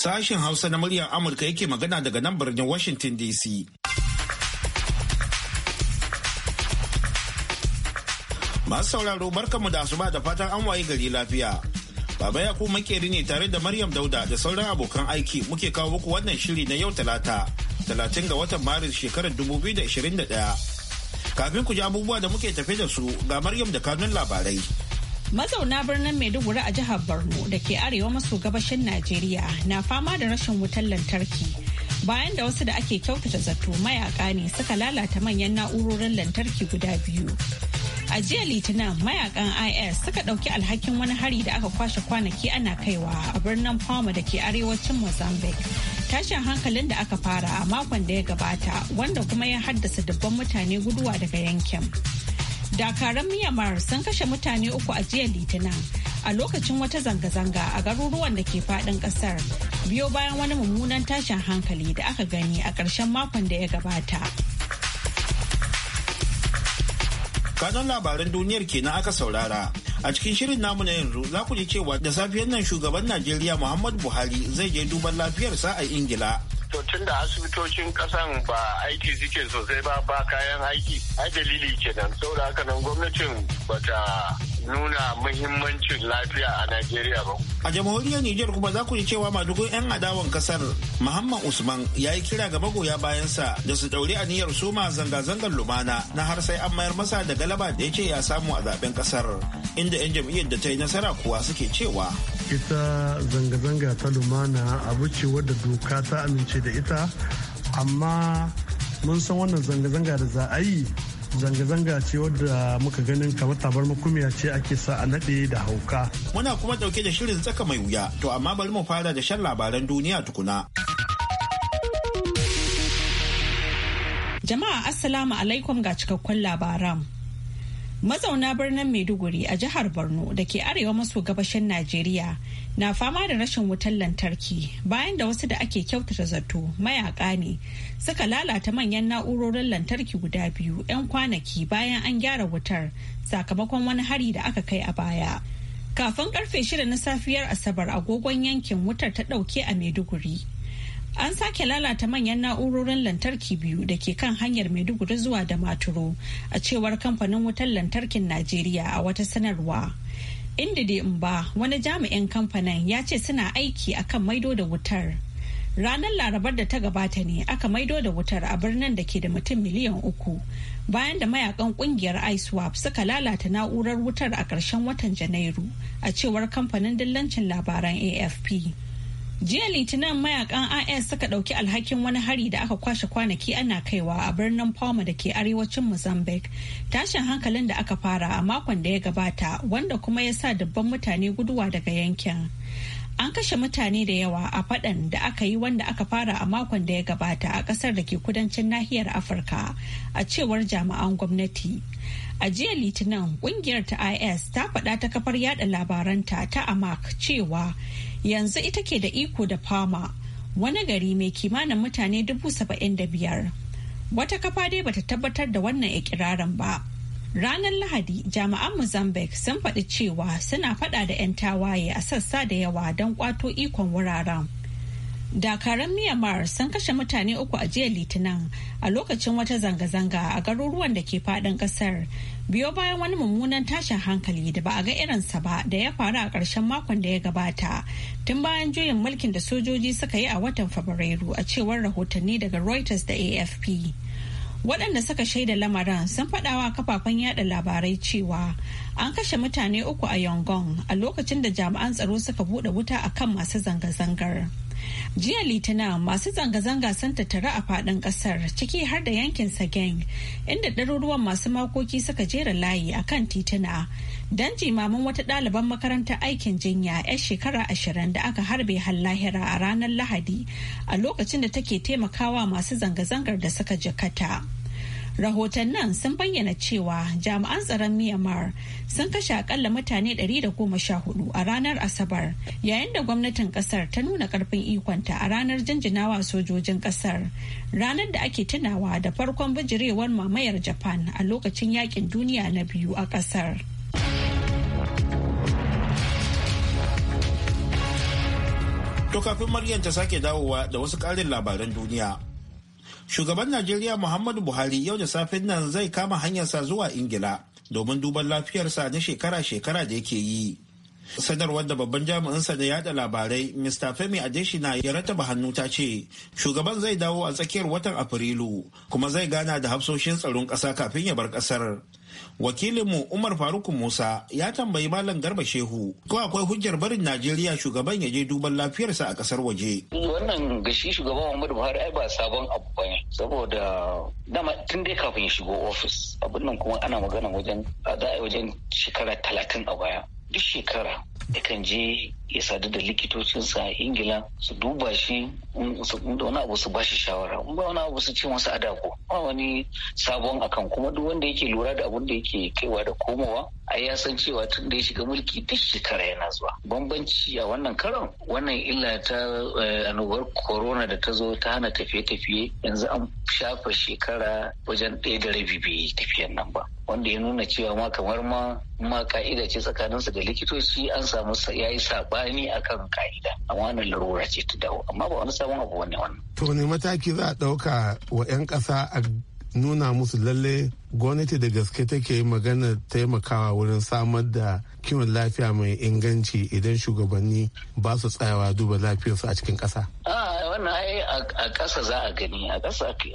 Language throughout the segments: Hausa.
Sashen Hausa na muryar Amurka yake magana daga nan birnin Washington DC. Masu sauraro barkanmu da asuba da fatan an waye gari lafiya. Baba Yakubu makeri ne tare da Maryam Dauda da sauran abokan aiki muke kawo muku wannan shiri na yau Talata, talatin ga watan Maris shekarar 2021. Kafin ku ji abubuwa da muke tafe da su ga Maryam da kanun labarai. Mazauna birnin Maiduguri a jihar Borno da ke arewa maso gabashin Najeriya na fama da rashin wutar lantarki bayan da wasu da ake kyautata zato mayaka ne suka lalata manyan na'urorin lantarki guda biyu. A jiya Litinin mayakan IS suka ɗauki alhakin wani hari da aka kwashe kwanaki ana kaiwa a birnin Palma da ke arewacin Mozambique. Tashin hankalin da aka fara a makon da ya gabata wanda kuma ya haddasa dubban mutane guduwa daga yankin. Dakaran Myanmar sun kashe mutane uku a jiya Litinin a lokacin wata zanga-zanga a garuruwan da ke fadin kasar biyo bayan wani mummunan tashin hankali da aka gani a ƙarshen makon da ya gabata. Kanan labaran duniyar kenan aka saurara. A cikin shirin namu na yanzu za ku ji cewa da safiyar nan shugaban Najeriya Muhammadu Buhari zai je duban lafiyarsa a Ingila. to tun da asibitocin kasan ba aiki suke sosai ba ba kayan aiki ai dalili kenan saboda haka nan gwamnatin bata nuna muhimmancin lafiya a Najeriya ba. A jamhuriyar Nijar kuma za ku yi cewa madugun 'yan adawan kasar Muhammad Usman ya yi kira ga magoya bayansa da su ɗauri niyyar suma zanga-zangar lumana na har sai an mayar masa da galaba da ya ce ya samu a zaben kasar inda 'yan jam'iyyar da ta yi nasara kuwa suke cewa. Ita zanga-zanga ta lumana abu ce wadda doka ta amince da ita amma mun san wannan zanga-zanga da za a yi zanga-zanga ce wadda muka ganin kamar tabar makumiya ce ake sa a naɗe da hauka. Muna kuma ɗauke da shirin tsaka mai wuya, to amma bari mu fara da shan labaran duniya tukuna. Jama'a Assalamu alaikum ga cikakkun labaran. Mazauna birnin Maiduguri a jihar Borno da ke arewa maso gabashin Najeriya na fama da rashin wutar lantarki bayan da wasu da ake kyautata zato mayaka ne suka lalata manyan na'urorin lantarki guda biyu 'yan kwanaki bayan an gyara wutar sakamakon wani hari da aka kai a baya kafin karfe shida na safiyar asabar agogon yankin wutar ta dauke a maiduguri an sake lalata manyan na'urorin lantarki biyu da ke kan hanyar maiduguri zuwa da maturo a cewar kamfanin wutar lantarkin najeriya a wata sanarwa inda dai in ba wani jami'in kamfanin ya ce suna aiki akan maido da wutar ranar larabar da ta gabata ne aka maido da wutar a birnin da ke da mutum miliyan uku bayan da mayakan kungiyar iswap suka lalata na'urar wutar a ƙarshen watan janairu a cewar kamfanin dillancin labaran afp jiya litinin mayakan is suka ɗauki alhakin wani hari da aka kwashe kwanaki ana kaiwa a birnin palma da ke arewacin mozambique tashin hankalin da aka fara a makon da ya gabata wanda kuma ya sa dubban mutane guduwa daga yankin an kashe mutane da yawa a faɗan da aka yi wanda aka fara a makon da ya gabata a ƙasar da ke kudancin nahiyar afirka a cewar jami'an gwamnati a jiya litinin kungiyar ta is ta faɗa ta kafar yada labaranta ta amak cewa yanzu ita ke da iko da fama wani gari mai kimanin mutane dubu saba'in da biyar wata kafa dai bata tabbatar da wannan ikirarin ba ranar lahadi jami'an mozambique sun faɗi cewa suna faɗa da 'yan tawaye a sassa da yawa don kwato ikon wuraren Dakaran Myanmar sun kashe mutane uku a jiya Litinin a lokacin wata zanga-zanga a garuruwan da ke fadin kasar. Biyo bayan wani mummunan tashin hankali da ba a ga irinsa ba da ya faru a ƙarshen makon da ya gabata tun bayan juyin mulkin da sojoji suka yi a watan Fabrairu a cewar rahotanni daga Reuters da AFP. waɗanda suka shaida lamarin sun faɗawa kafafen yada labarai cewa an kashe mutane uku a yongon a lokacin da jami'an tsaro suka buɗe wuta akan masu zanga-zangar. jiya litinin masu zanga-zanga sun tattara a fadin kasar ciki har da yankin sageng inda ɗaruruwan masu makoki suka jera layi a kan tituna don jimamin wata ɗaliban makarantar aikin jinya 'yar shekara ashirin da aka harbe hallahira a ranar lahadi a lokacin da take taimakawa masu zanga-zangar da suka jikata. rahotannin sun bayyana cewa jami'an tsaron myanmar sun kashe akalla mutane 114 a ranar asabar yayin da gwamnatin kasar ta nuna karfin ikonta a ranar jinjinawa sojojin kasar ranar da ake tunawa da farkon bijirewar mamayar japan a lokacin yakin duniya na biyu a kasar To kafin Maryam ta sake dawowa da wasu ƙarin labaran duniya. Shugaban Najeriya Muhammadu Buhari yau da safen nan zai kama hanyarsa zuwa Ingila domin duban lafiyarsa na shekara-shekara da yake yi. Sanarwar da babban jami'insa da yada labarai Mr. Femi Adeshina ya rataba hannu ta ce, Shugaban zai dawo a tsakiyar watan Afrilu kuma zai gana da hafsoshin tsaron ƙasa kafin ya bar ƙasar. wakilinmu umar Faruk musa ya tambayi malam garba shehu ko akwai hujjar barin najeriya shugaban ya je duban lafiyarsa a kasar waje wannan gashi shugaban muhammadu buhari ai ba sabon abu bane saboda dama tun dai kafin ya shigo ofis abin nan kuma ana magana wajen a wajen shekara talatin a baya duk shekara yakan je ya sadu da likitocinsa a ingila su duba shi da wani abu su ba shi shawara in ba wani abu su ce masa adako ba wani sabon akan kuma duk wanda yake lura da abun da yake kaiwa da komowa a ya san cewa tun da ya shiga mulki duk shekara yana zuwa bambanci a wannan karon wannan illa ta eh, annobar corona da ta zo ta hana tafiye-tafiye yanzu an shafa shekara wajen ɗaya da rabi bai tafiyan nan ba wanda ya nuna cewa ma kamar ma ma ka'ida ce tsakaninsu da likitoci an samu ya yi sabani kan ka'ida amma wannan larura ce ta dawo amma ba wani sabon abu wani wannan. to ne mataki za a ɗauka wa 'yan ƙasa a nuna musu lalle gwamnati da gaske take magana taimakawa wurin samar da kiwon lafiya mai inganci idan shugabanni ba su tsayawa duba lafiyarsu a cikin ƙasa. A ah, wannan ai a ƙasa za a gani a ƙasa ake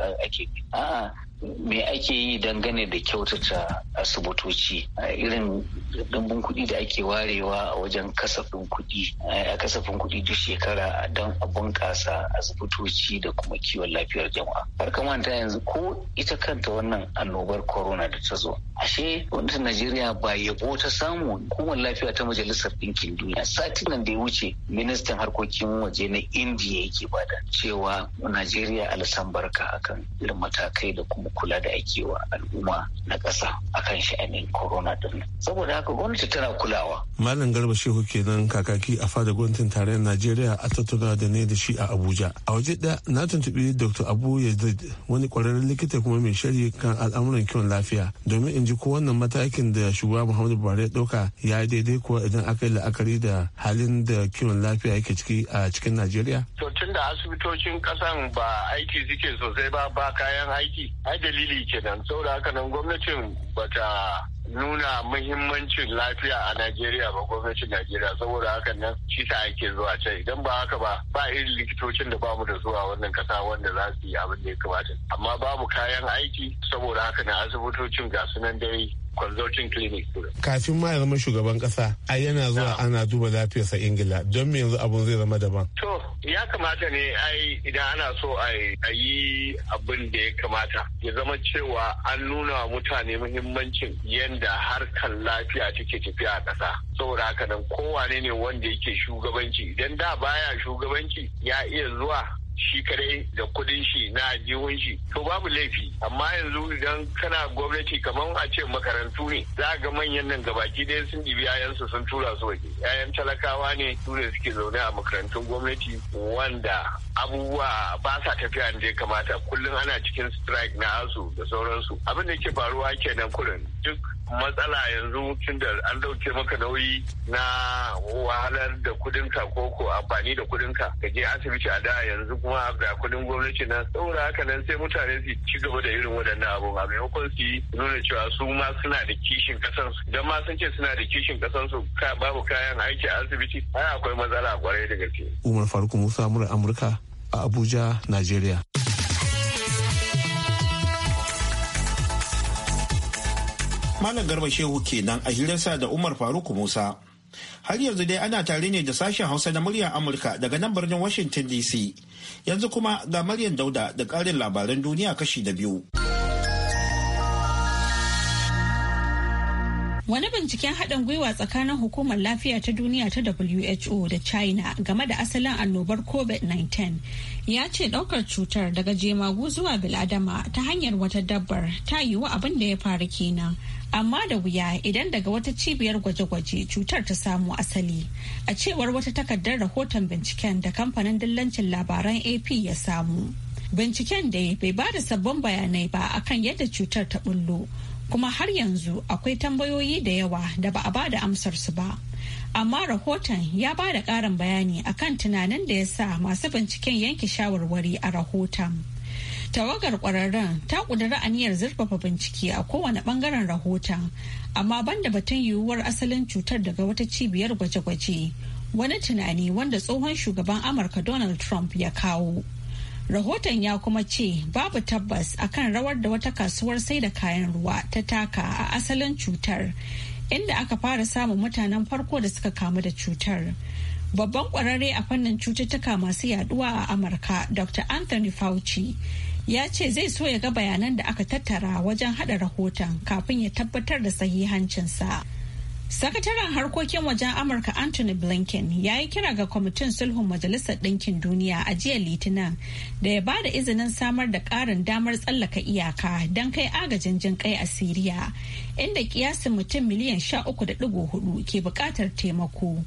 a me ake yi dangane da kyautata asibitoci a irin dambun kuɗi da ake warewa a wajen kasafin kuɗi eh, a kasafin kuɗi duk shekara a don a bunƙasa asibitoci da kuma kiwon lafiyar jama'a har ta yanzu ko ita kanta wannan annobar corona da ta zo ashe gwamnatin najeriya ba yabo ta samu hukumar lafiya ta majalisar ɗinkin duniya satin nan da ya wuce ministan harkokin waje na indiya yake bada cewa najeriya alasan barka akan irin matakai da kuma mu kula da ake wa al'umma na ƙasa a akan sha'anin corona din saboda haka gwamnati tana kulawa malam garba shehu kenan kakaki a fada gwamnatin tarayyar najeriya a tattauna da ne da shi a abuja a waje da na tuntuɓi dr abu yazid wani ƙwararren likita kuma mai shari kan al'amuran kiwon lafiya domin in ji ko wannan matakin da shugaba muhammadu buhari ya ɗauka ya yi daidai ko idan aka yi la'akari da halin da kiwon lafiya yake ciki a cikin najeriya to tun da asibitocin kasan ba aiki suke sosai ba ba kayan aiki ai dalili kenan saboda haka nan gwamnatin bata nuna muhimmancin lafiya a Najeriya ba gwamnatin Najeriya saboda haka nan shi ta ake zuwa can idan ba haka ba ba irin likitocin da bamu da zuwa wannan kasa wanda za su yi abin da ya kamata amma babu kayan aiki saboda haka nan asibitocin ga su nan dai consulting clinic kafin ma ya zama shugaban kasa a yana zuwa ana duba lafiyarsa ingila don me yanzu abun zai zama daban to ya kamata ne ai idan ana so a ayi abin da ya kamata ya zama cewa an nuna wa mutane muhimmancin yadda harkar lafiya take tafiya a ƙasa saboda haka nan kowane ne wanda yake shugabanci idan da baya shugabanci ya iya zuwa shi kadai da kudin shi na aljihun shi to babu laifi amma yanzu idan kana gwamnati kamar a ce makarantu ne za ga manyan nan gabaki ɗaya sun ɗibi yayansu sun tura su waje yayan talakawa ne su ne suke zaune a makarantun gwamnati wanda abubuwa ba sa tafiya da ya kamata kullum ana cikin strike na asu da sauransu abin da ke faruwa kenan kullum duk matsala yanzu tun da an dauke maka nauyi na wahalar da kudinka ko ko amfani da kudinka ka je asibiti a da yanzu kuma ga kudin gwamnati nan saboda haka nan sai mutane su ci gaba da irin waɗannan abu a maimakon su nuna cewa su ma suna da kishin kasan su dan ma sun ce suna da kishin kasan su ka babu kayan aiki a asibiti ai akwai matsala kwarai da gaske Umar Faruk Musa Amurka a Abuja Najeriya. Malam Garba Shehu kenan a hirarsa da Umar Faruk Musa. Har yanzu dai ana tare ne da sashen Hausa na muryar Amurka daga nan birnin Washington DC. Yanzu kuma ga Maryam Dauda da ƙarin labaran duniya kashi da biyu. Wani binciken haɗin gwiwa tsakanin hukumar lafiya ta duniya ta WHO da China game da asalin annobar COVID-19 ya ce ɗaukar cutar daga jemagu zuwa biladama ta hanyar wata dabbar ta yiwu abin da ya faru kenan amma da wuya idan daga wata cibiyar gwaje-gwaje cutar ta samu asali a cewar wata takardar rahoton binciken da kamfanin dillancin labaran ap ya samu binciken da bai ba da sabbin bayanai ba akan yadda cutar ta bullo kuma har yanzu akwai tambayoyi da yawa da ba a ba da amsarsu ba amma rahoton ya ba da ƙarin bayani akan tunanin da ya sa masu binciken yanke shawarwari a rahoton. Tawagar kwararren ta kudura aniyar zurfafa bincike a kowane bangaren rahoton, amma banda batun yiwuwar asalin cutar daga wata cibiyar gwaje-gwaje, wani tunani wanda tsohon shugaban Amurka Donald Trump ya kawo. Rahoton ya kuma ce babu tabbas akan rawar da wata kasuwar sai da kayan ruwa ta taka a asalin cutar, inda aka fara samun mutanen farko da suka kamu da cutar. Babban kwararre a fannin cututtuka masu yaduwa a Amurka, Dr. Anthony Fauci. ya ce zai so ya ga bayanan da aka tattara wajen hada rahoton kafin ya tabbatar da sahihancinsa. Sakataren harkokin wajen Amurka Anthony Blinken ya yi kira ga kwamitin sulhun Majalisar Ɗinkin Duniya a jiya Litinin da ya ba da izinin samar da ƙarin damar tsallaka iyaka don kai agajin jin kai a Siriya, inda kiyasin mutum miliyan sha uku da ɗigo hudu ke buƙatar taimako.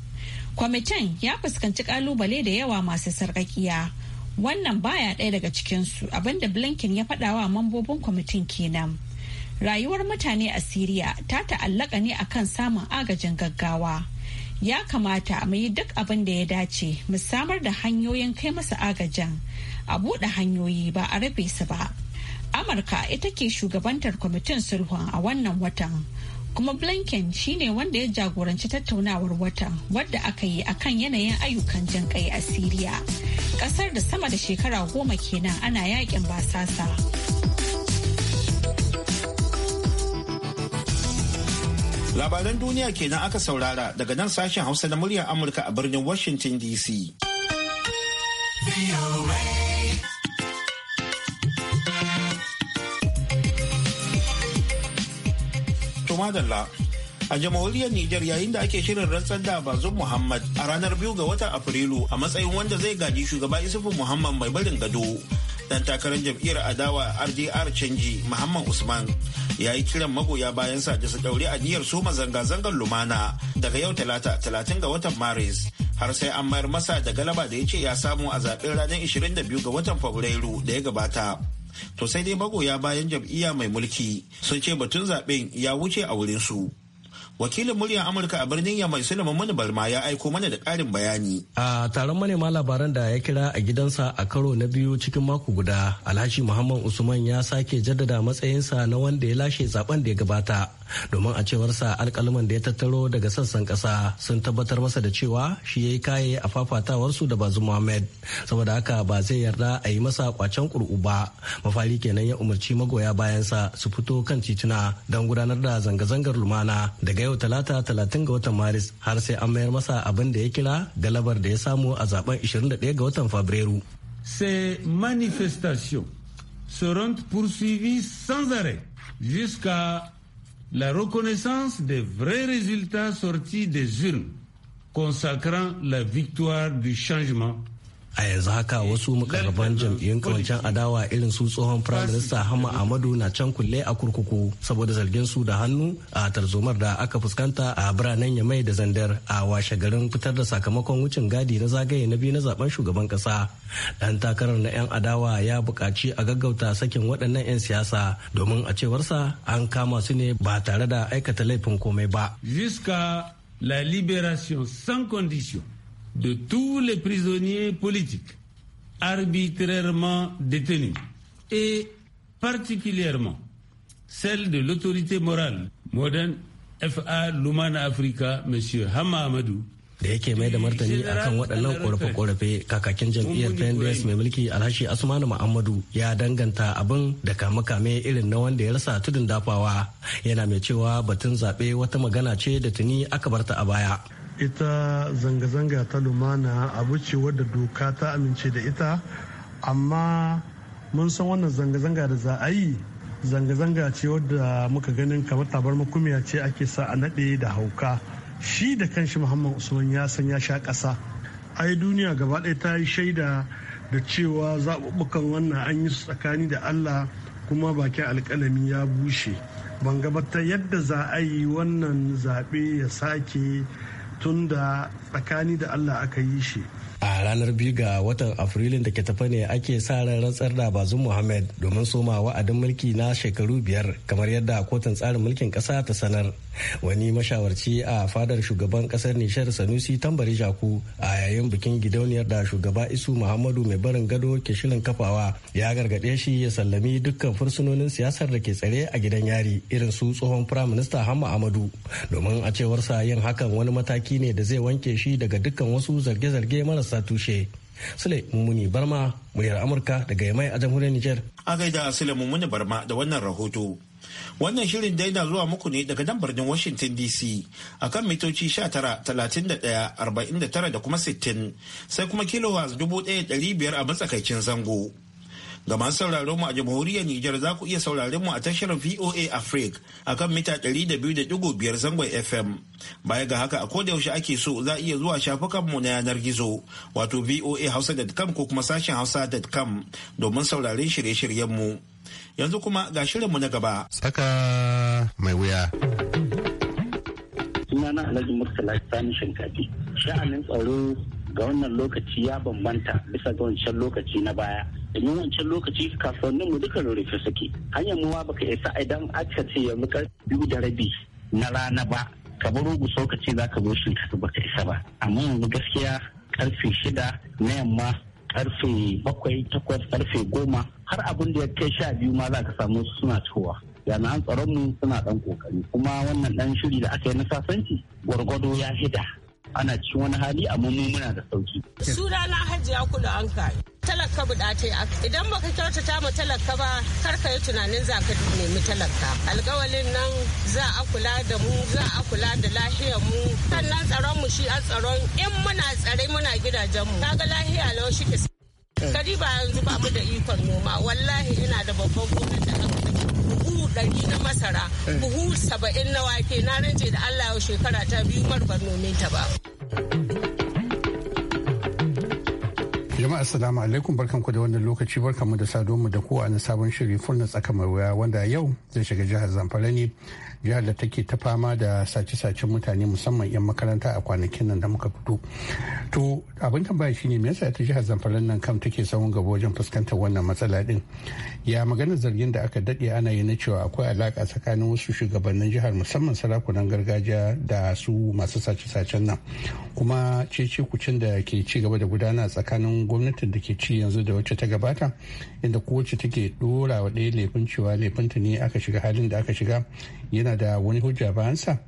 Kwamitin ya fuskanci ƙalubale da yawa masu sarƙaƙiya. wannan baya ɗaya daga cikinsu abinda blinken ya faɗawa mambobin kwamitin kenan rayuwar mutane a siriya ta ta'allaka ne akan samun agajin gaggawa ya kamata mu yi duk abin da ya dace mu samar da hanyoyin kai masa agajin a buɗe hanyoyi ba a rufe su ba amurka ita ke shugabantar kwamitin sulhun a wannan watan kuma blinken shine wanda ya jagoranci tattaunawar wata wadda aka yi akan yanayin ayyukan jin kai a siriya kasar da sama da shekara goma kenan ana yakin basasa labaran duniya kenan aka saurara daga nan sashen hausa na muryar amurka a birnin washington dc madalla. a jamhuriyar Nijar yayin da ake shirin rantsar da Bazoum Muhammad a ranar biyu ga watan Afrilu a matsayin wanda zai gaji shugaba Isufu Muhammad mai barin gado. Dan takarar jam'iyyar adawa RDR canji Muhammad Usman ya yi kiran magoya bayansa da su ɗauri aniyar soma zanga-zangar lumana daga yau talata talatin ga watan Maris har sai an mayar masa da galaba da ya ce ya samu a zaɓen ranar 22 ga watan Fabrairu da ya gabata. to sai dai magoya bayan jam'iyya mai mulki sun ce batun zaben ya wuce a wurin su wakilin muryar amurka a birnin yamai sulaiman mani barma ya aiko mana da karin bayani a taron manema labaran da ya kira a gidansa a karo na biyu cikin mako guda alhaji muhammad usman ya sake jaddada matsayinsa na wanda ya lashe zaben da ya gabata domin a cewarsa alkalaman da ya tattaro daga sassan kasa sun tabbatar masa da cewa shi ya yi kaye a fafatawarsu da bazu muhammad saboda haka ba zai yarda a yi masa kwacen kur'u ba mafari kenan ya umarci magoya bayansa su fito kan tituna don gudanar da zanga-zangar lumana daga yau talata talatin ga watan maris har sai an mayar masa abin da ya kira galabar da ya samu a zaben 21 ga watan fabrairu ces manifestations seront poursuivies sans arrêt jusqu'à la reconnaissance des vrais résultats sortis des urnes consacrant la victoire du changement a yanzu haka wasu mukarraban jam'iyyun kawancen adawa irin su tsohon firaminista hama amadu na can kulle a kurkuku saboda zargin su da hannu a tarzomar da aka fuskanta a biranen yamai da zandar a washe garin fitar da sakamakon wucin gadi na zagaye na biyu na zaben shugaban kasa dan takarar na 'yan adawa ya buƙaci a gaggauta sakin waɗannan 'yan siyasa domin a cewarsa an kama su ne ba tare da aikata laifin komai ba. Jusqu'à la libération sans condition de tous les prisonniers politiques arbitrairement détenus et particulièrement celle de l'autorité morale moderne FA Lumana Africa, M. Hama Amadou, da yake mai da martani akan waɗannan korafe-korafe kakakin jam'iyyar pnds mai mulki alhashi asmanu muhammadu ya danganta abin da kame-kame irin na wanda ya rasa tudun dafawa yana mai cewa batun zaɓe wata magana ce da tuni aka barta a baya ita zanga-zanga ta lumana abu ce wadda doka ta amince da ita amma mun san wannan zanga-zanga da za a yi zanga-zanga ce wadda muka ganin kamar tabar makumiya ce ake sa a naɗe da hauka shi da kanshi muhammad usman ya san ya sha ƙasa ai duniya gaba ɗaya ta yi shaida da cewa zaɓuɓɓukan wannan an yi su tsakani da allah kuma bakin alƙalami ya bushe ban gabatar yadda za a yi wannan zaɓe ya sake tun da tsakani da allah aka yi shi a ranar biyu ga watan afrilun da ke tafa ne ake sa ran rantsar da bazin muhammad domin soma wa'adin mulki na shekaru biyar kamar yadda kotun tsarin mulkin kasa ta sanar wani mashawarci a fadar shugaban kasar nishar sanusi tambari jaku a yayin bikin gidauniyar da shugaba isu muhammadu mai barin gado ke shirin kafawa ya gargaɗe shi ya sallami dukkan fursunonin siyasar da ke tsare a gidan yari irin su tsohon firaminista hamma amadu domin a cewarsa yin hakan wani mataki ne da zai wanke shi daga dukkan wasu zarge-zarge marasa marasa tushe. Sule Mummuni Barma, muryar Amurka daga Yamai a jamhuriyar Nijar. A gaida Sule Mummuni Barma da wannan rahoto. Wannan shirin dai na zuwa muku ne daga nan birnin Washington DC akan mitoci 19,31,49 da kuma 60 sai kuma kilowatts 1,500 a matsakaicin zango. Ga masu sauraron mu a jamhuriyar Nijar za ku iya sauraron mu a tashar VOA Africa a kan mita 200.5 zangon FM. Baya ga haka a yaushe ake so za iya zuwa shafukan mu na yanar gizo wato voa voahausa.com ko kuma sashen hausa.com domin sauraron shirye shiryen mu Yanzu kuma ga shirin mu na gaba. Saka mai wuya. Sunana Alhaji Murtala Sani Shinkafi. Sha'anin tsaro ga wannan lokaci ya bambanta bisa ga wancan lokaci na baya domin wancan lokaci kasuwannin mu duka rurrufe suke hanyar muwa baka isa idan aka ce yanzu karfe biyu da rabi na rana ba ka baro gusau ka ce za ka zo shinkafa ka isa ba amma yanzu gaskiya karfe shida na yamma karfe bakwai takwas karfe goma har abin da ya kai sha biyu ma za ka samu suna cewa jami'an tsaron mu suna dan kokari kuma wannan dan shiri da aka yi na sasanci gwargwado ya hida ana cikin wani hali amma mu muna da sauki. Suna na hajiya kula an kai. Talaka buɗatai aka. Idan baka kyautata ma talaka ba kar ka yi tunanin za ka nemi talaka. Alkawalin nan za a kula da mu za a kula da lahiyar mu sannan tsaron mu shi a tsaron in muna tsare muna gidajen mu. Kaga lahiya lau shi Kadi ba yanzu ba mu da ikon noma wallahi ina da babban gonar da aka buhu ɗari na masara eh. buhu saba'in na wake na rance da allah yau shekara ta biyu marbar ban nome ta ba. jama'a assalamu alaikum barkanku da wannan lokaci barkanmu da sadonmu da kowa na sabon shirin furna tsaka mai wuya wanda yau zai shiga jihar zamfara ne jihar da take ta fama da sace-sacen mutane musamman 'yan makaranta a kwanakin nan da muka fito to abin tambaya shine me yasa ta jihar zamfara nan kam take sauran gaba wajen fuskantar wannan matsala din ya magana zargin da aka dade ana yi na cewa akwai alaka tsakanin wasu shugabannin jihar musamman sarakunan gargajiya da su masu sace-sacen nan kuma cece kucin da ke ci gaba da gudana tsakanin gwamnatin da ke ci yanzu da wacce ta gabata inda kowace take dora wa ɗaya laifin cewa laifinta ne aka shiga halin da aka shiga yana da wani hujja bayansa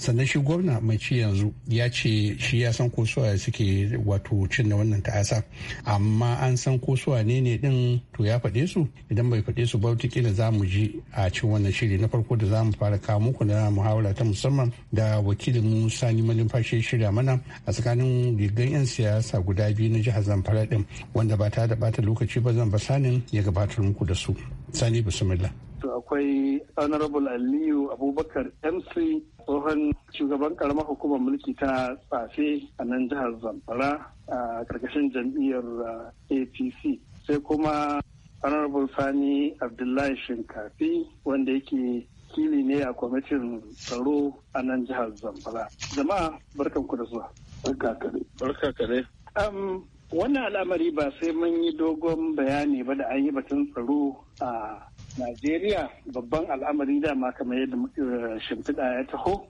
sannan shi gwamna mai ci yanzu ya ce shi ya san kosuwa suke wato cin da wannan ta'asa amma an san kosuwa ne ne din to ya faɗe su idan bai faɗe su ba kila za mu ji a cin wannan shiri na farko da za mu fara kawo muku na muhawara ta musamman da wakilin mu sani malumfashi shirya mana a tsakanin rigan 'yan siyasa guda biyu na jihar zamfara din wanda ba ta da bata lokaci ba zan ba sanin ya gabatar muku da su sani bismillah to akwai honorable aliyu abubakar mc tsohon shugaban karamar hukumar mulki ta tsafe a nan jihar zamfara a karkashin jam'iyyar uh, apc sai kuma honorable sani abdullahi shinkafi wanda yake kili ne a kwamitin tsaro a nan jihar zamfara jama'a barkanku da zuwa barka kare um, wannan al'amari ba sai mun yi dogon bayani ba da an yi batun tsaro a Najeriya babban al'amari dama kamar yadda eh, shimfiɗa ya taho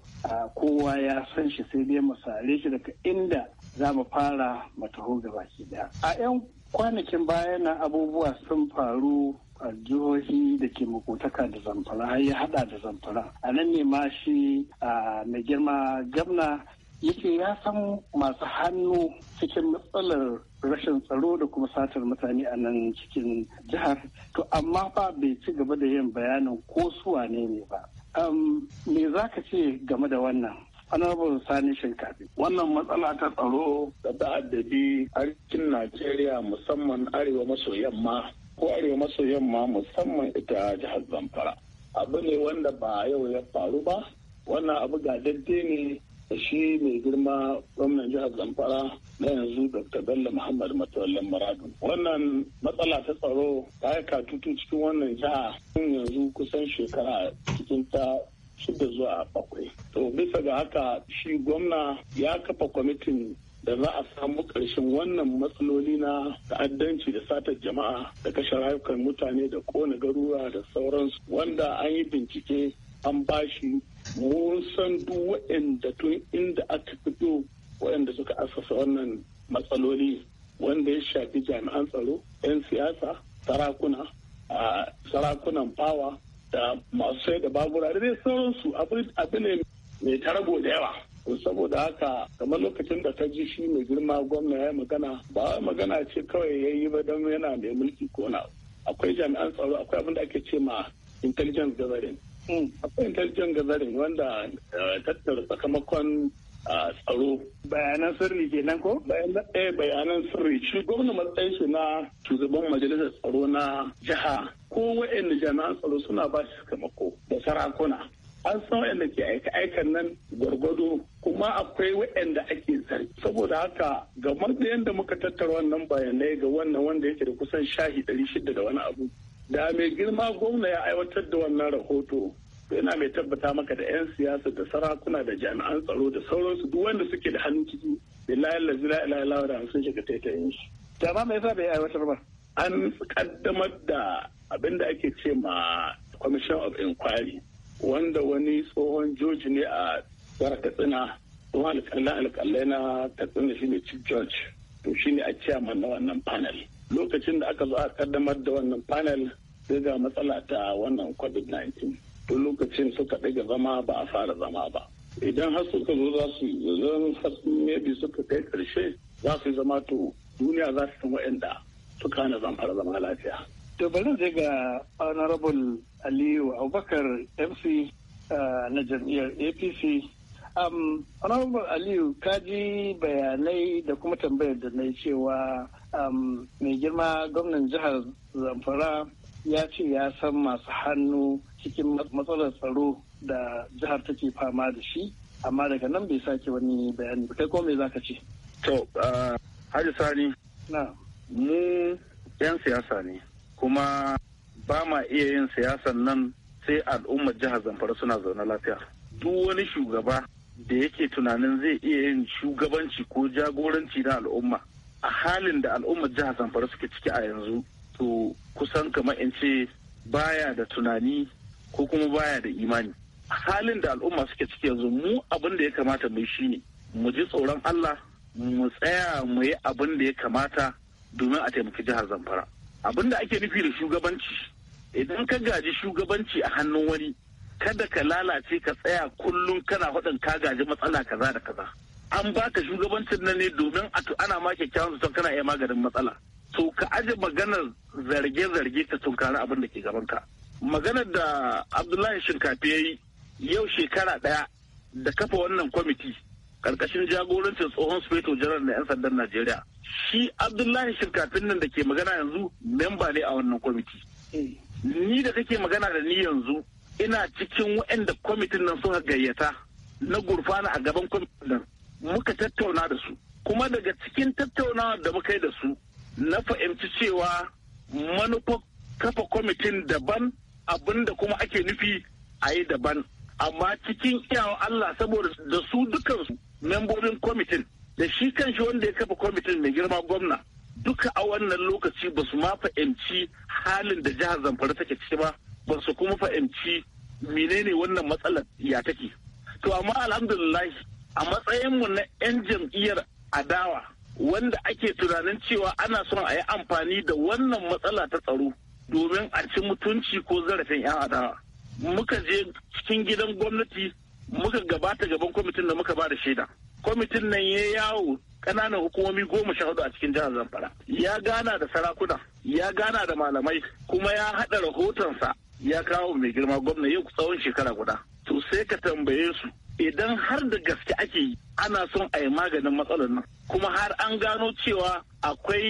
kowa ya san shi sai dai mu sare shi daga inda za mu fara mu taho baki daya. A 'yan kwanakin baya na abubuwa sun faru a jihohi da ke makotaka da zamfara har ya hada da zamfara a nan ne ma shi a mai girma gamna yake ya san masu hannu cikin matsalar rashin tsaro da kuma satar mutane a nan cikin jihar to amma fa bai ci gaba da yin bayanin ko suwa ne ne ba me za ka ce game da wannan honorable sani shinkafi wannan matsala ta tsaro da ta'addabi arewacin najeriya musamman arewa maso yamma ko arewa maso yamma musamman ita jihar zamfara abu ne wanda ba yau ya faru ba wannan abu ga daddai ne da shi mai girma gwamnan jihar zamfara na yanzu dr bello muhammad matawallan maradu wannan matsala ta tsaro ta yi katutu cikin wannan jiha tun yanzu kusan shekara cikin ta shida zuwa bakwai to bisa ga haka shi gwamna ya kafa kwamitin da za a samu ƙarshen wannan matsaloli na ta'addanci da satar jama'a da kashe rayukan mutane da kona garura da sauransu wanda an yi bincike an bashi mun san duk waɗanda tun inda aka fito waɗanda suka asasa wannan matsaloli wanda ya shafi jami'an tsaro 'yan siyasa sarakuna a sarakunan bawa da masu sai da babura da dai sauransu abu ne mai tarago da yawa saboda haka kamar lokacin da ta ji shi mai girma gwamna ya magana ba magana ce kawai ya yi ba don yana mai mulki ko akwai jami'an tsaro akwai abin da ake ce ma intelligence gathering Hmm. Akwai intelligence gathering wanda eh, tattara sakamakon ah, tsaro bayanan sirri ke nan ko? Eh, bayanan sirri shi gwamna matsayin shi na shugaban majalisar tsaro na jiha ko wa'anda jami'an tsaro suna ba shi sakamako da sarakuna an san wa'anda ke aika aikan nan gwargwado kuma akwai wa'anda ake zargi saboda haka ga matsayin da muka tattara wannan bayanai ga wannan wanda yake da kusan shahi 600 da wani abu da mai girma gwamna ya aiwatar da wannan rahoto yana mai tabbata maka da 'yan siyasa da sarakuna da jami'an tsaro da sauransu duk wanda suke da hannun ciki billahi la ilaha illa da sun shiga taitayin shi Jama'a mai yasa bai aiwatar ba an kaddamar da abin da ake ce ma commission of inquiry wanda wani tsohon joji ne a tsara katsina tsohon alƙalai alƙalla na katsina shi ne chief judge to shi ne a ma na wannan panel lokacin da aka zo a kaddamar da wannan panel sai ga matsala ta wannan covid-19 duk lokacin suka ɗaga zama ba a fara zama ba idan har suka zo za su zan maybe suka kai ƙarshe za su zama to duniya za su san wa'anda suka hana zamfara zama lafiya. to bari zai ga honorable aliyu abubakar mc uh, na jam'iyyar apc um, honorable aliyu ji bayanai da kuma tambayar da na cewa um, mai girma gwamnan jihar zamfara ya ce ya san masu hannu cikin matsalar tsaro da jihar take fama da shi amma daga nan bai sake wani bayani ba kai ko me zaka ce to Haji sani na mu yan siyasa ne kuma ba ma iya yin siyasan nan sai al'ummar jihar zamfara suna zaune lafiya duk wani shugaba da yake tunanin zai iya yin shugabanci ko jagoranci na al'umma a halin da al'ummar jihar zamfara suke ciki a yanzu to kusan kamar in ce baya da tunani ko kuma baya da imani halin da al'umma suke ciki yanzu mu abin da ya kamata mu shi ne mu ji tsoron Allah mu tsaya mu yi abin da ya kamata domin a taimaki jihar Zamfara abin da ake nufi da shugabanci idan ka gaji shugabanci a hannun wani kada ka lalace ka tsaya kullum kana hudun ka gaji matsala kaza da kaza an baka shugabancin nan ne domin ana ma kyakkyawan zaton kana iya maganin matsala to ka aje maganar zarge-zarge ka tunkari abin da ke gabanka maganar da abdullahi shinkafi ya yi yau shekara ɗaya da kafa wannan kwamiti karkashin jagorancin tsohon sufeto janar na 'yan sandan najeriya shi abdullahi shinkafin nan da ke magana yanzu memba ne a wannan kwamiti ni da kake magana da ni yanzu ina cikin waɗanda kwamitin nan suka gayyata na gurfana a gaban kwamitin nan muka tattauna da su kuma daga cikin tattaunawa da muka yi da su na fahimci cewa manufa kafa kwamitin daban da kuma ake nufi a yi daban amma cikin iyawan Allah saboda da su dukansu membobin kwamitin da shi kan shi wanda ya kafa kwamitin mai girma gwamna duka a wannan lokaci ba su ma fahimci halin da jihar zamfara take ciki ba ba su kuma fahimci menene wannan matsalar ya take to amma alhamdulillah a matsayinmu na 'yan jam'iyyar adawa wanda ake tunanin cewa ana son a yi amfani da wannan matsala ta tsaro domin a ci mutunci ko zarafin 'yan adawa muka je cikin gidan gwamnati muka gabata gaban kwamitin da muka ba da shaida kwamitin nan ya yawo ƙananan hukumomi goma sha hudu a cikin jihar zamfara ya gana da sarakuna ya gana da malamai kuma ya haɗa rahotonsa ya kawo mai girma gwamna yau tsawon shekara guda to sai ka tambaye su idan har da gaske ake yi ana son a yi maganin matsalar nan kuma har an gano cewa akwai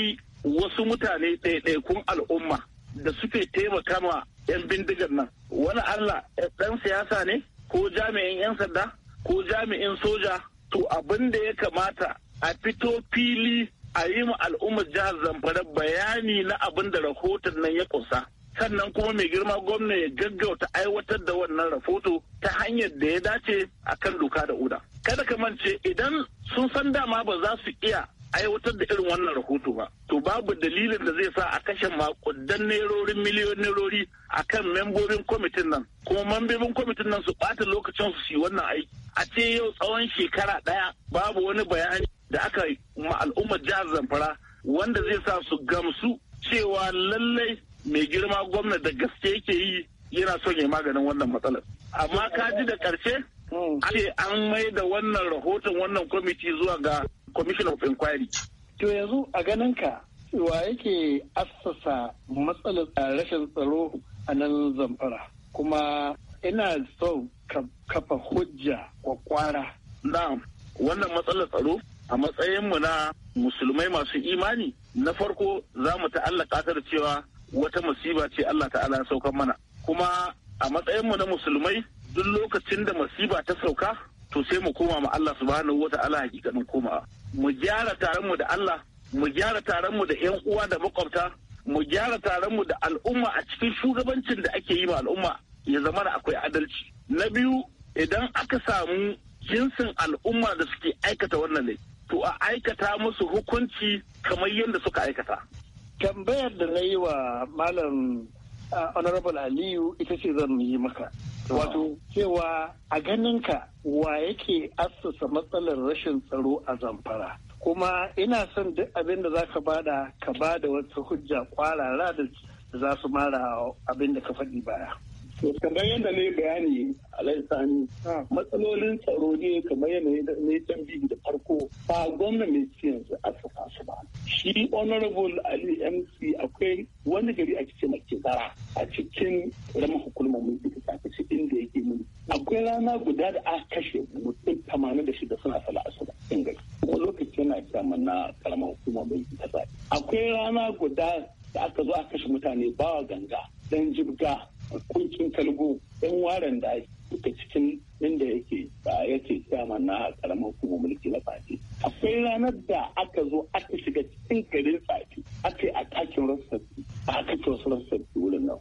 wasu mutane ɗaiɗaikun al'umma da suke taimaka ma 'yan bindigar nan wani allah ɗan siyasa ne ko jami'in 'yan sanda ko jami'in soja to abin da ya kamata a fito fili a yi ma al'ummar jihar zamfara bayani na abin da rahoton nan ya kusa sannan kuma mai girma gwamna ya gaggauta aiwatar da wannan rahoto ta hanyar da ya dace a kan doka da uda kada ka mance idan sun san dama ba za su iya aiwatar da irin wannan rahoto ba to babu dalilin da zai sa a kashe makudan nerorin miliyon nerori a kan membobin kwamitin nan kuma membobin kwamitin nan su ɓata lokacin su yi wannan aiki a ce yau tsawon shekara ɗaya babu wani bayani da aka ma al'ummar jihar zamfara wanda zai sa su gamsu cewa lallai mai girma gwamna da gaske yake yi yana son ya maganin wannan matsalar amma ka ji da ƙarshe hmm. ce an mai da wannan rahoton wannan kwamiti zuwa ga commission of inquiry to yanzu a ganin ka wa yake assasa matsalar rashin tsaro a nan zamfara kuma ina so kafa hujja wa kwara. na'am wannan matsalar tsaro a matsayinmu na musulmai masu imani na farko za mu ta'allaka ta da cewa wata masiba ce Allah ta'ala ya saukan mana kuma a matsayinmu na musulmai duk lokacin da masiba ta sauka to sai mu koma ma Allah subhanahu wata'ala hakikanin koma mu gyara taron mu da Allah mu gyara taron mu da yan uwa da makwabta mu gyara taron mu da al'umma a cikin shugabancin da ake yi ma al'umma ya zama da akwai adalci na biyu idan aka samu jinsin al'umma da suke aikata wannan ne to a aikata musu hukunci kamar yadda suka aikata tambayar da na yi wa malam ah, honorable aliyu ita ce zan yi maka wato cewa a ganin ka wa yake assasa matsalar rashin tsaro a zamfara kuma ina son duk abin da za ka bada ka bada wata hujja kwarara da za su mara abin da ka faɗi baya kamar yadda na yi bayani a Sani, ah. matsalolin tsaro ne kamar yadda na yi tambihi da farko ba gwamna mai ci yanzu a saka su ba. Shi Honorable Ali MC akwai wani gari a cikin Kizara a cikin rama hukumar mun duka ta kace inda ke mun. Akwai rana guda da aka kashe mutum tamanin da shida suna sala asuba in gari. kuma lokacin na kama na karama hukumar mun duka Akwai rana guda da aka zo a kashe mutane bawa ganga dan jibga hukuncin kalgo yan waren da suka cikin inda yake ba ce chairman na karamar kuma mulki na fati akwai ranar da aka zo aka shiga cikin garin fati aka yi atakin a aka ce wasu rassarki wurin nan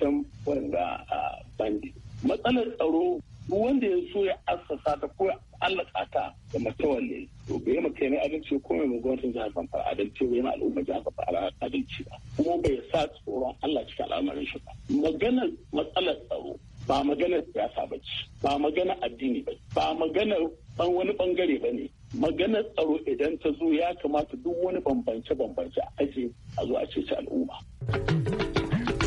san wanda ah, bandi matsalar tsaro wanda ya so ya asasa ta ko allaka ta da matawalle to bai ma kai ne adalci ko mai gwamnatin jihar Zamfara adalci bai ma al'umma jihar Zamfara adalci ba kuma bai sa tsoron Allah cikin al'amarin shi ba maganar matsalar tsaro ba maganar siyasa ba ce ba maganar addini ba ba maganar ban wani bangare ba ne maganar tsaro idan ta zo ya kamata duk wani bambance-bambance a aje a zo a ceci al'umma.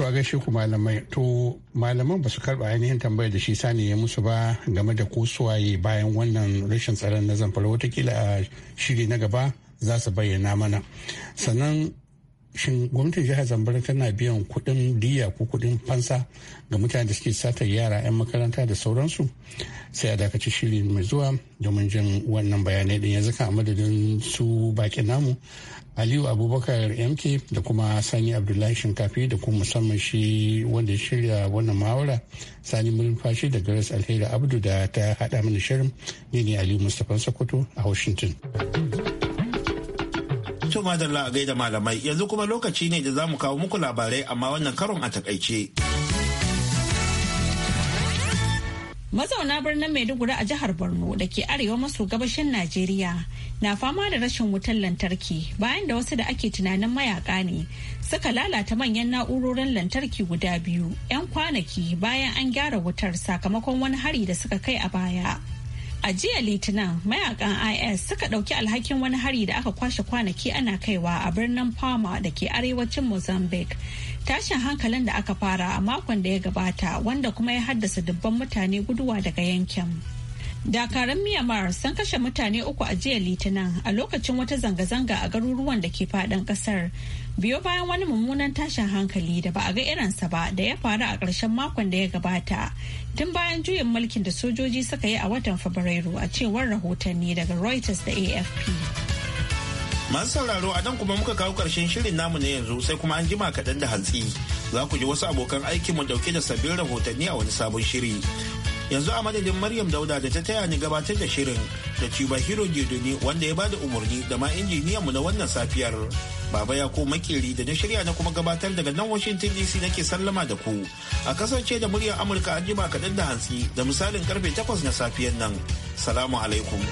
a gaishe ku malamai to malaman ba su karba ainihin tambayar da shi sani ya musu ba game da ko suwaye bayan wannan rashin tsaron na zamfara watakila a shiri na gaba za su bayyana mana. Sannan shin gwamnatin jihar zamfara tana biyan kuɗin diya ko kuɗin fansa ga mutane da suke satar yara 'yan makaranta da sauransu sai a dakaci shiri mai zuwa domin jin wannan bayanai din yanzu kan madadin su bakin namu aliyu abubakar mk da kuma sani abdullahi shinkafi da kuma musamman shi wanda ya shirya wannan muhawara sani murfashi da grace alheri abdu da ta haɗa mana shirin ne ne aliyu mustapha sokoto a washington da a gaida malamai yanzu kuma lokaci ne da za mu kawo muku labarai amma wannan karon a takaice. Mazauna birnin Maiduguri a jihar Borno da ke arewa maso gabashin Najeriya na fama da rashin wutar lantarki bayan da wasu da ake tunanin mayaka ne suka lalata manyan na'urorin lantarki guda biyu 'yan kwanaki bayan an gyara wutar sakamakon wani hari da suka kai a baya. A jiya Litinin mayakan IS suka ɗauki alhakin wani hari da aka kwashe kwanaki ana kaiwa a birnin Palma da ke arewacin Mozambique. Tashin hankalin da aka fara a makon da ya gabata wanda kuma ya haddasa dubban mutane guduwa daga yankin. Dakarun Myanmar sun kashe mutane uku a jiya Litinin a lokacin wata zanga-zanga a garuruwan da ke faɗin ƙasar. biyo bayan wani mummunan tashin hankali da ba a ga irinsa ba da ya faru a ƙarshen makon da ya gabata tun bayan juyin mulkin da sojoji suka yi a watan fabrairu a cewar rahotanni daga reuters da afp masu sauraro a nan kuma muka kawo ƙarshen shirin namu na yanzu sai kuma an jima kaɗan da hantsi za ku ji wasu abokan aikinmu dauke da sabbin rahotanni a wani sabon shiri yanzu a madadin maryam dauda da ta taya ni gabatar da shirin da ciba hero ne wanda ya bada umarni da ma injiniyanmu na wannan safiyar baba ya ko makeri da na shirya na kuma gabatar daga nan washington dc nake sallama da ku a kasance da muryar amurka an jima kaɗan da hantsi da misalin karfe 8 na safiyar nan salamu alaikum